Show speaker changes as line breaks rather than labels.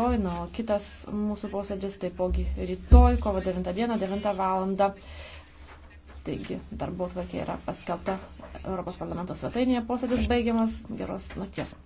rytoj, na, o kitas mūsų posėdis taipogi rytoj, kovo 9 dieną, 9 valandą. Taigi, darbo tvarkė yra paskelbta Europos parlamento svetainėje,
posėdis baigiamas, geros nakties.